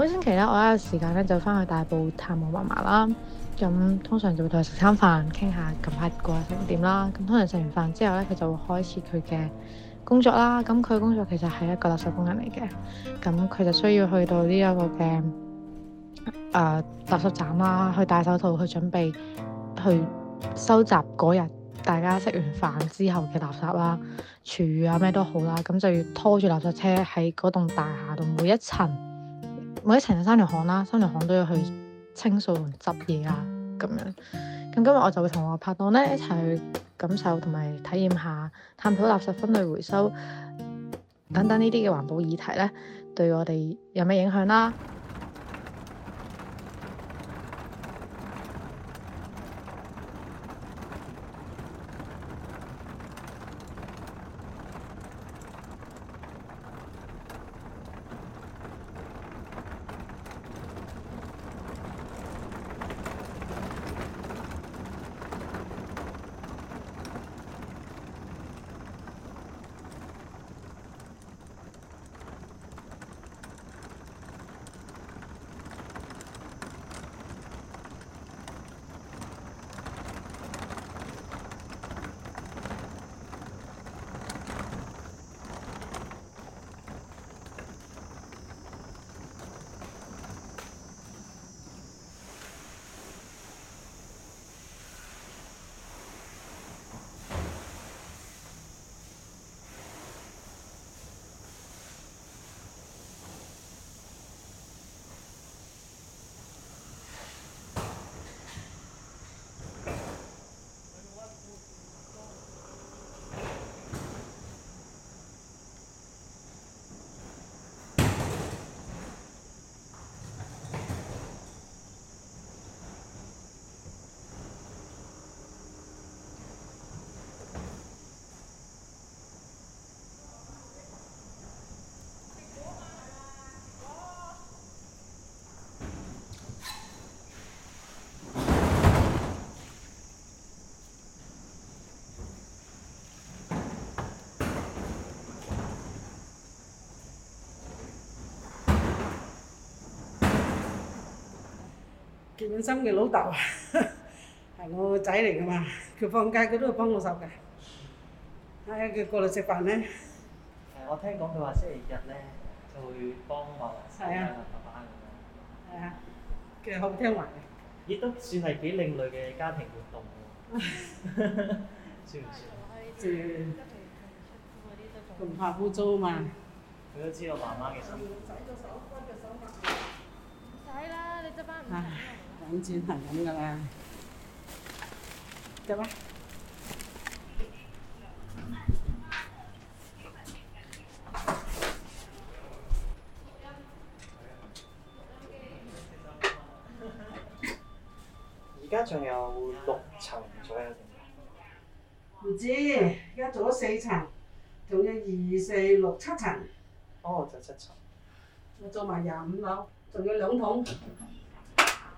每星期咧，我有時間咧就翻去大埔探望嫲嫲啦。咁通常就會同佢食餐飯，傾下近排過嚟成點啦。咁通常食完飯之後咧，佢就會開始佢嘅工作啦。咁佢嘅工作其實係一個垃圾工人嚟嘅。咁佢就需要去到呢一個嘅誒、呃、垃圾站啦，去戴手套，去準備去收集嗰日大家食完飯之後嘅垃圾啦、廚餘啊咩都好啦。咁就要拖住垃圾車喺嗰棟大廈度每一層。每一層有三條巷啦，三條巷都要去清掃、執嘢啊咁樣。咁今日我就會同我拍 p a 呢一齊去感受同埋體驗下，探索垃圾分類回收等等呢啲嘅環保議題咧，對我哋有咩影響啦？佢本身嘅老豆係我個仔嚟噶嘛，佢放假佢都會幫我手嘅。唉，佢過嚟食飯咧。誒，我聽講佢話星期日咧就會幫我。係啊。爸爸咁樣。係啊。佢好聽話嘅。亦都算係幾另類嘅家庭活動喎。算唔算？算。佢唔怕污糟啊嘛。佢都知道媽媽嘅心。唔使啦，你執翻唔緊要。轉轉係咁㗎喇，得啦。而家仲有六層左右。唔知，而家做咗四層，仲有二四六七層。哦，就七層。我做埋廿五樓，仲有兩桶。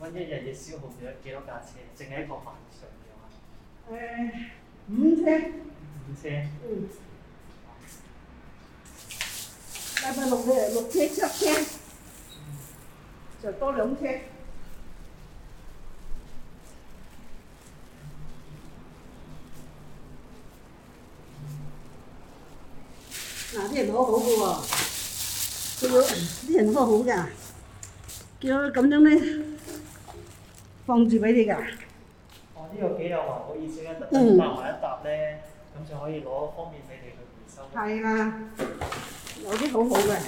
平均一日要消耗幾多幾多架車？淨係一個晚上嘅話，誒，五車，五車，嗯，六六六車七車，就多兩車。嗱，啲人好好㗎喎，佢有啲人好好㗎，叫咁樣咧。放住俾你噶，哦，呢個幾有話好意思啊，特登包埋一沓咧，咁就可以攞方便俾你去回收。係啦，有啲好好嘅。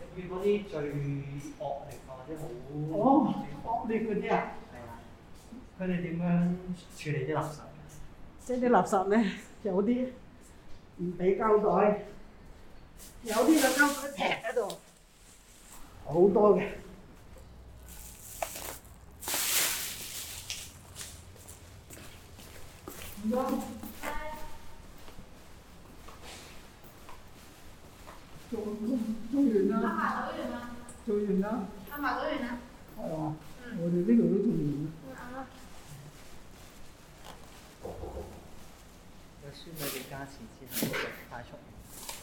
咁樣嗰啲最惡劣或者好惡劣嗰啲啊，係啊，佢哋點樣處理啲垃圾？即係啲垃圾咧，有啲唔俾膠袋，有啲就膠袋撇喺度。好多嘅。唔該。做做做完啦。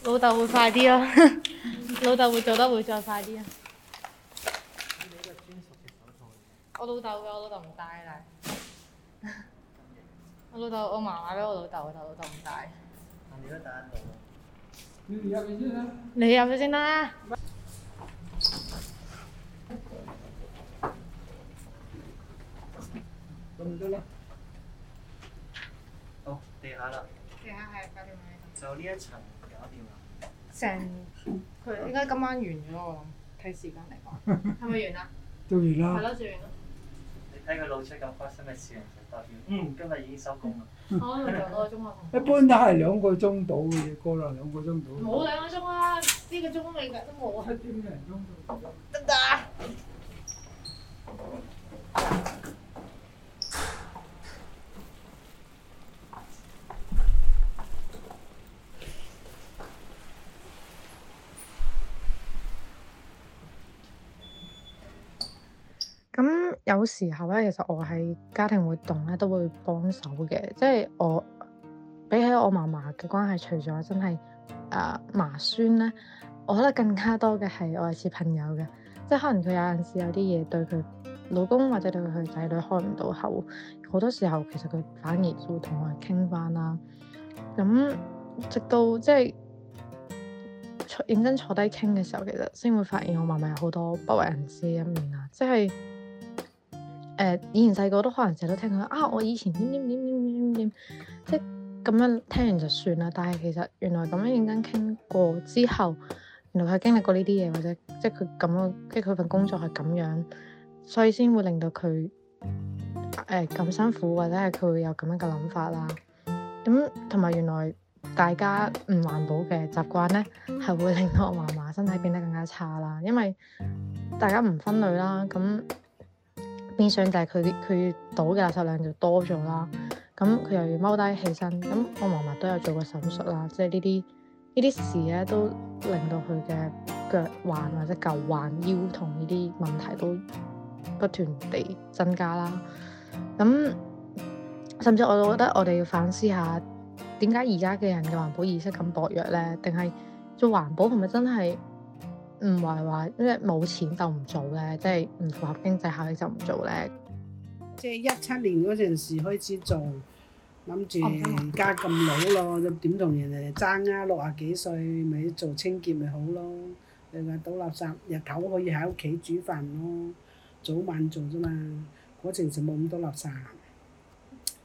老豆會快啲啊！ 老豆會做得會再快啲啊。我老豆嘅，我老豆唔帶嚟。我老豆，我嫲嫲俾我老豆，但係老豆唔帶。你都帶得到。你入去先啦。你入去先啦。咁唔得啦。好，地下啦。地下係搞掂。就呢一層搞掂。成，佢應該今晚完咗咯。睇時間嚟講。係咪完啦？做完啦。係咯，做完咯。睇佢露出咁發生嘅事，就代表。嗯，今日已經收工啦。嗯，一般都係兩個鐘到嘅，過啦兩個鐘到，冇兩個鐘啊，呢個鐘未到都冇啊。有時候咧，其實我喺家庭活動咧都會幫手嘅，即係我比起我嫲嫲嘅關係，除咗真係啊嫲孫咧，我覺得更加多嘅係我係似朋友嘅，即係可能佢有陣時有啲嘢對佢老公或者對佢仔女開唔到口，好多時候其實佢反而會同我傾翻啦。咁直到即係認真坐低傾嘅時候，其實先會發現我嫲嫲有好多不為人知嘅一面啊，即係。誒以前細個都可能成日都聽佢啊，我以前點點點點點點，即咁樣聽完就算啦。但係其實原來咁樣認真傾過之後，原來佢經歷過呢啲嘢，或者即佢咁，即佢份工作係咁樣，所以先會令到佢誒咁辛苦，或者係佢會有咁樣嘅諗法啦。咁同埋原來大家唔環保嘅習慣咧，係會令到我嫲嫲身體變得更加差啦，因為大家唔分類啦，咁。變相就係佢佢倒嘅垃圾量就多咗啦，咁佢又要踎低起身，咁我嫲嫲都有做過手術啦，即係呢啲呢啲事咧都令到佢嘅腳患或者舊患腰痛呢啲問題都不斷地增加啦。咁甚至我覺得我哋要反思下，點解而家嘅人嘅環保意識咁薄弱咧？定係做環保係咪真係？唔係話因為冇錢就唔做咧，即係唔符合經濟效益就唔做咧。即係一七年嗰陣時開始做，諗住而家咁老咯，就點同人哋爭啊？六啊幾歲，咪做清潔咪好咯。你話倒垃圾，日頭都可以喺屋企煮飯咯，早晚做啫嘛。嗰陣時冇咁多垃圾，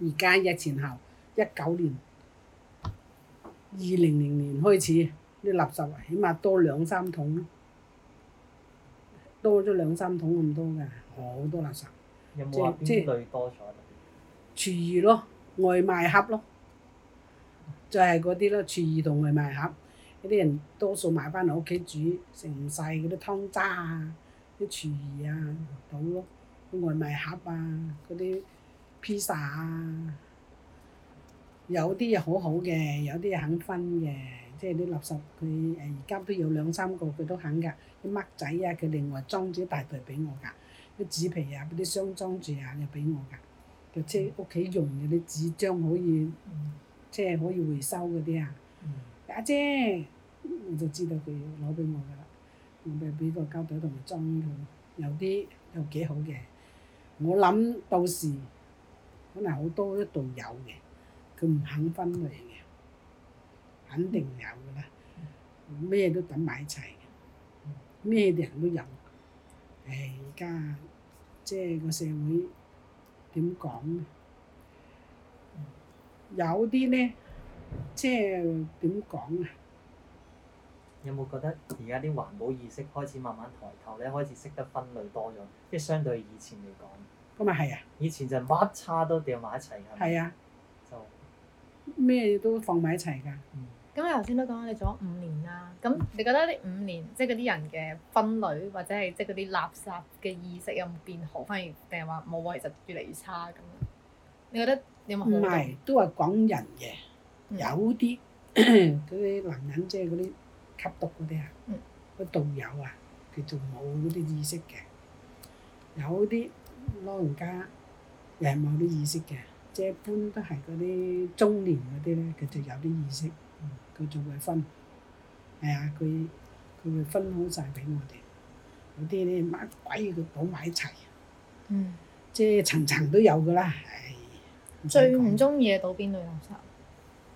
而家日前後一九年二零零年開始，啲垃圾起碼多兩三桶。多咗兩三桶咁多㗎，好多垃圾。有冇話邊類多咗特別？廚餘咯，外賣盒咯，就係嗰啲咯，廚餘同外賣盒。嗰啲人多數買翻嚟屋企煮，食唔晒嗰啲湯渣啊，啲廚餘啊，倒咯。外賣盒啊，嗰啲披薩啊，有啲又好好嘅，有啲肯分嘅。即係啲垃圾，佢誒而家都有兩三個，佢都肯㗎。啲嘜仔啊，佢另外裝住一大袋俾我㗎。啲紙皮啊，嗰啲箱裝住啊，又俾我㗎。又車屋企用嘅啲紙張可以，即係可以回收嗰啲啊。阿姐，我就知道佢攞俾我㗎啦。我咪俾個膠袋同佢裝佢，有啲又幾好嘅。我諗到時可能好多都仲有嘅，佢唔肯分類嘅。肯定有噶啦，咩都等埋一齊，咩人都有。唉、哎，而家即係個社會點講咧？有啲咧，即係點講啊？有冇覺得而家啲環保意識開始慢慢抬頭咧，開始識得分類多咗，即係相對以前嚟講。咁咪係啊！以前就乜叉，叉都掉埋一齊，係咪、嗯？係嗎啊。就咩都放埋一齊㗎。嗯。咁你頭先都講你做咗五年啦，咁你覺得呢五年即係嗰啲人嘅分類或者係即係嗰啲垃圾嘅意識有冇變好？反而定係話冇喎？其實越嚟越差咁。你覺得有冇？唔係，都係講人嘅。有啲嗰啲男人，即係嗰啲吸毒嗰啲啊，嗰、嗯、道友啊，佢仲冇嗰啲意識嘅。有啲老人家又冇啲意識嘅，即係一般都係嗰啲中年嗰啲咧，佢就有啲意識。佢就會分，係、哎、啊！佢佢會分好晒俾我哋，嗰啲咧乜鬼佢倒埋一齊，嗯，即係層層都有噶啦。唉，最唔中意嘅倒邊度垃圾？哎、呀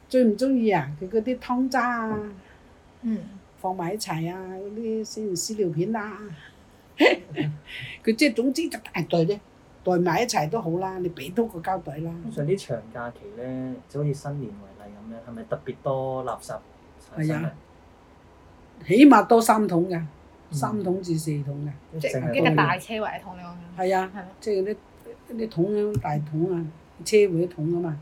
最唔中意啊！佢嗰啲湯渣啊，嗯，放埋一齊啊，嗰啲先屎尿片啊，佢 即係總之就大袋啫。袋埋一齊都好啦，你俾多個膠袋啦。通常啲長假期咧，就好似新年為例咁樣，係咪特別多垃圾？係啊，起碼多三桶嘅，三桶至四桶嘅。即係一個大車位一桶嚟講。係啊。係即係啲啲桶大桶啊，車為一桶啊嘛。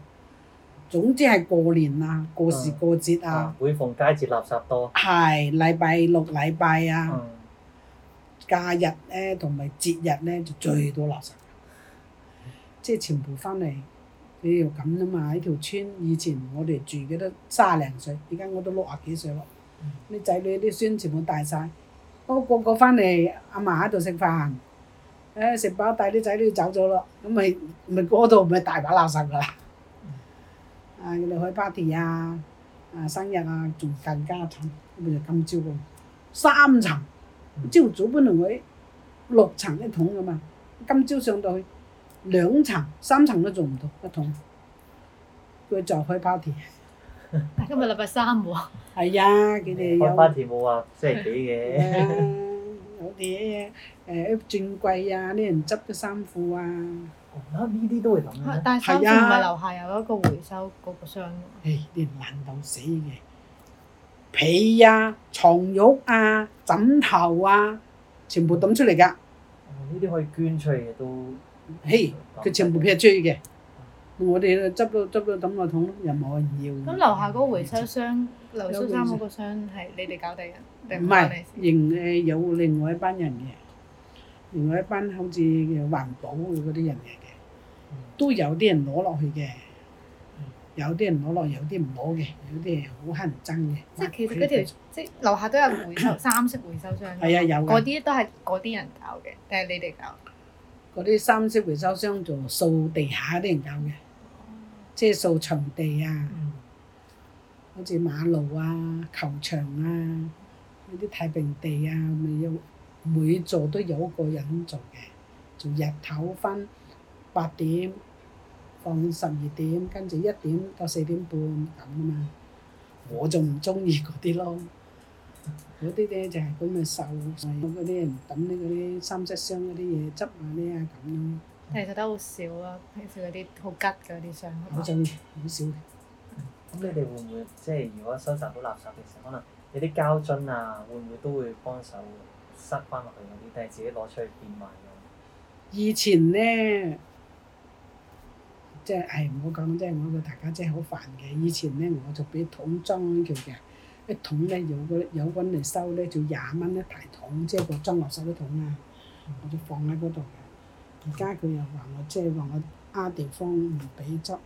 總之係過年啊，過時過節啊。每逢佳節垃圾多。係，禮拜六、禮拜啊，假日咧同埋節日咧就最多垃圾。即係全部翻嚟，你要咁啫嘛！喺條村以前我哋住嘅都卅零歲，而家我都六啊幾歲咯。啲仔、嗯、女啲孫全部大晒，都個個翻嚟阿嫲喺度食飯。誒、哎、食飽帶啲仔都走咗咯，咁咪咪嗰度咪大把垃圾噶啦。嗯、啊，你開 party 啊，啊生日啊，仲更加慘。咁就今朝六三層，朝、嗯、早搬嚟我六層一桶噶嘛，今朝上到去。兩層、三層都做唔到一桶，佢就開 party。今日禮拜三喎。係啊，佢哋有。開 party 冇話星期幾嘅。啊！我哋誒誒轉季啊，啲人執啲衫褲啊。哦，咁呢啲都會咁啊。係啊。係啊。但係衫褲咪樓下有一個回收嗰個箱。誒，啲爛到死嘅被啊、牀褥啊、枕頭啊，全部抌出嚟㗎。呢啲可以捐出嚟嘅都。嘿，佢全部劈出去嘅，我哋執到執到抌個桶，又冇人要。咁樓下嗰個回收箱、回收箱三個箱係你哋搞定嘅，定唔係？仍係有另外一班人嘅，另外一班好似環保嗰啲人嚟嘅，都有啲人攞落去嘅，有啲人攞落，有啲唔攞嘅，有啲係好乞人憎嘅。即係其實嗰條即係樓下都有回收三色回收箱，係啊有。嗰啲都係嗰啲人搞嘅，定係你哋搞？嗰啲三色回收箱做掃地下啲人搞嘅，即係掃場地啊，好似、嗯、馬路啊、球場啊、嗰啲太平地啊，咪要每座都有一個人做嘅，做日頭返八點，放十二點，跟住一點到四點半咁啊嘛，我仲唔中意嗰啲咯。嗰啲咧就係佢咪受，咪啲人抌啲嗰啲三色箱嗰啲嘢執啊咧啊咁，但其實得好少咯，平時嗰啲好吉㗎啲箱，好少，好少嘅。咁、啊、 你哋會唔會即係如果收集到垃圾嘅時候，可能有啲膠樽啊，會唔會都會幫手塞翻落去嗰啲，定係自己攞出去變埋嘅、哎？以前咧，即係唔好講，即係我個大家真姐好煩嘅。以前咧，我就俾桶裝叫嘅。一桶咧有嗰有個人嚟收咧，就廿蚊一排桶，即係個裝垃圾桶啊，我就放喺嗰度嘅。而家佢又話我即係話我啱地方唔俾執。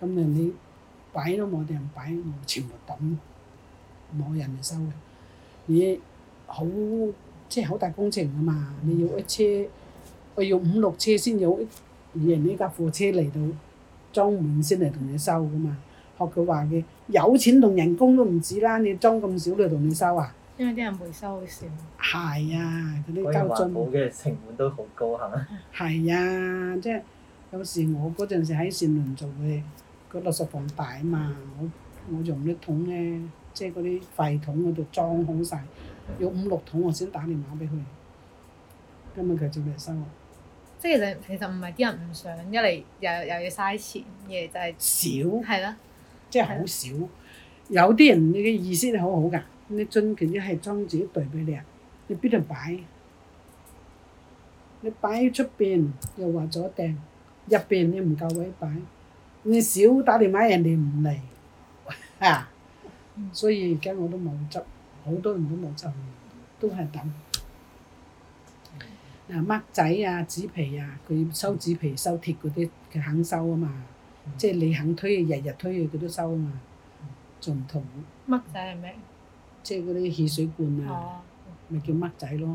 咁啊你擺都冇地方擺，我全部抌，冇人嚟收嘅。咦，好即係好大工程啊嘛，你要一車，我要五六車先有一人呢架貨車嚟到裝滿先嚟同你收噶嘛。學佢話嘅，有錢同人工都唔止啦！你裝咁少你同你收啊？因為啲人回收好少。係啊，嗰啲交進。佢話嘅成本都好高嚇。係啊，即係有時我嗰陣時喺善鄰做嘅，個垃圾房大啊嘛，我我用啲桶咧，即係嗰啲廢桶嗰度裝好晒，有五六桶我先打電話俾佢，今日佢做咩收、啊？嗯、即係其實其實唔係啲人唔想，一嚟又又要嘥錢，二嚟就係、是、少，係咯。即係好少，有啲人你嘅意思好好噶，你樽佢一係裝住一袋俾你啊，你邊度擺？你擺喺出邊又話咗訂，入邊你唔夠位擺，你少打電話，人哋唔嚟， 所以而家我都冇執，好多人都冇執，都係等。嗱、啊，掹仔啊、紙皮啊，佢收紙皮收鐵嗰啲，佢肯收啊嘛。即係你肯推，日日推佢，佢都收啊嘛。仲唔同乜仔係咩？即係嗰啲汽水罐啊，咪、哦、叫乜仔咯？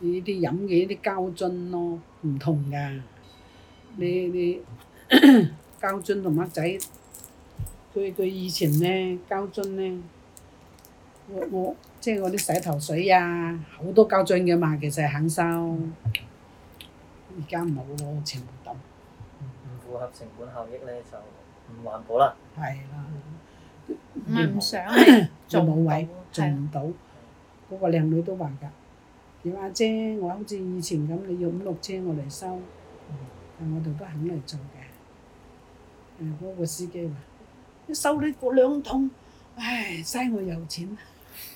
呢啲、嗯、飲嘅啲膠樽咯，唔同㗎。你你、嗯、膠樽同乜仔？佢佢以前咧膠樽咧，我我即係我啲洗頭水啊，好多膠樽嘅嘛。其實肯收。而家冇咯，全部符合成本效益咧，就唔環保啦。係啦，唔、嗯、想做冇咳喊位，做唔到。嗰是個靚女都話㗎：，要阿啫，era, 我好似以前咁，你要五六車我嚟收，但我哋都肯嚟做嘅。誒、嗯、嗰、那個司機話：，你收你個兩桶，唉，嘥我油錢。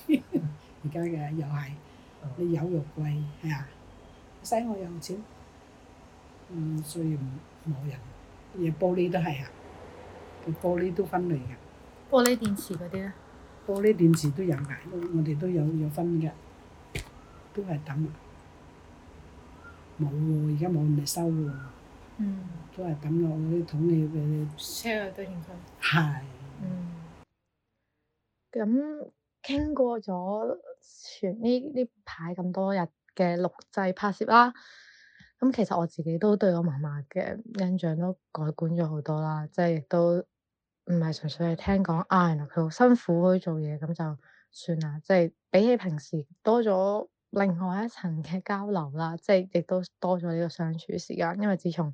而家嘅又係，嗯、你油又貴，係啊，嘥我油錢。嗯，所以唔攞人。玻璃都係啊，玻璃都分類㗎。玻璃電池嗰啲咧？玻璃電池都有㗎，我哋都有有分嘅，都係抌。冇喎，而家冇人嚟收喎。嗯。都係抌我啲桶去嘅車去堆填區。係。是嗯。咁傾過咗前呢呢排咁多日嘅錄製拍攝啦。咁、嗯、其實我自己都對我媽媽嘅印象都改觀咗好多啦，即係亦都唔係純粹係聽講啊，原來佢好辛苦去做嘢，咁就算啦。即係比起平時多咗另外一層嘅交流啦，即係亦都多咗呢個相處時間。因為自從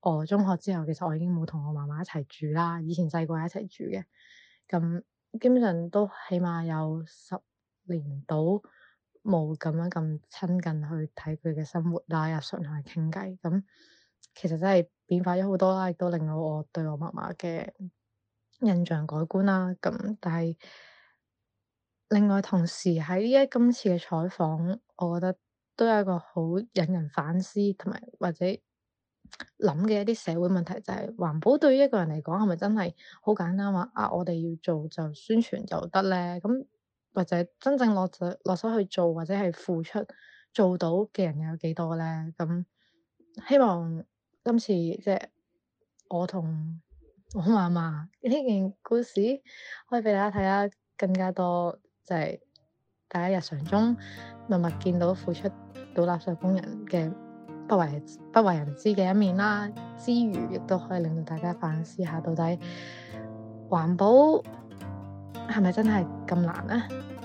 我中學之後，其實我已經冇同我媽媽一齊住啦。以前細個一齊住嘅，咁、嗯、基本上都起碼有十年到。冇咁樣咁親近去睇佢嘅生活啦，日常同佢傾偈咁，其實真係變化咗好多啦，亦都令到我對我嫲嫲嘅印象改觀啦。咁，但係另外同時喺呢一今次嘅採訪，我覺得都有一個好引人反思同埋或者諗嘅一啲社會問題，就係、是、環保對於一個人嚟講係咪真係好簡單話？啊，我哋要做就宣傳就得咧咁。嗯或者真正落手落手去做或者係付出做到嘅人有幾多咧？咁希望今次即係、就是、我同我媽媽呢件故事，可以俾大家睇下更加多就係大家日常中默默見到付出到垃圾工人嘅不為不為人知嘅一面啦，之餘亦都可以令到大家反思下到底環保。係咪真係咁難咧？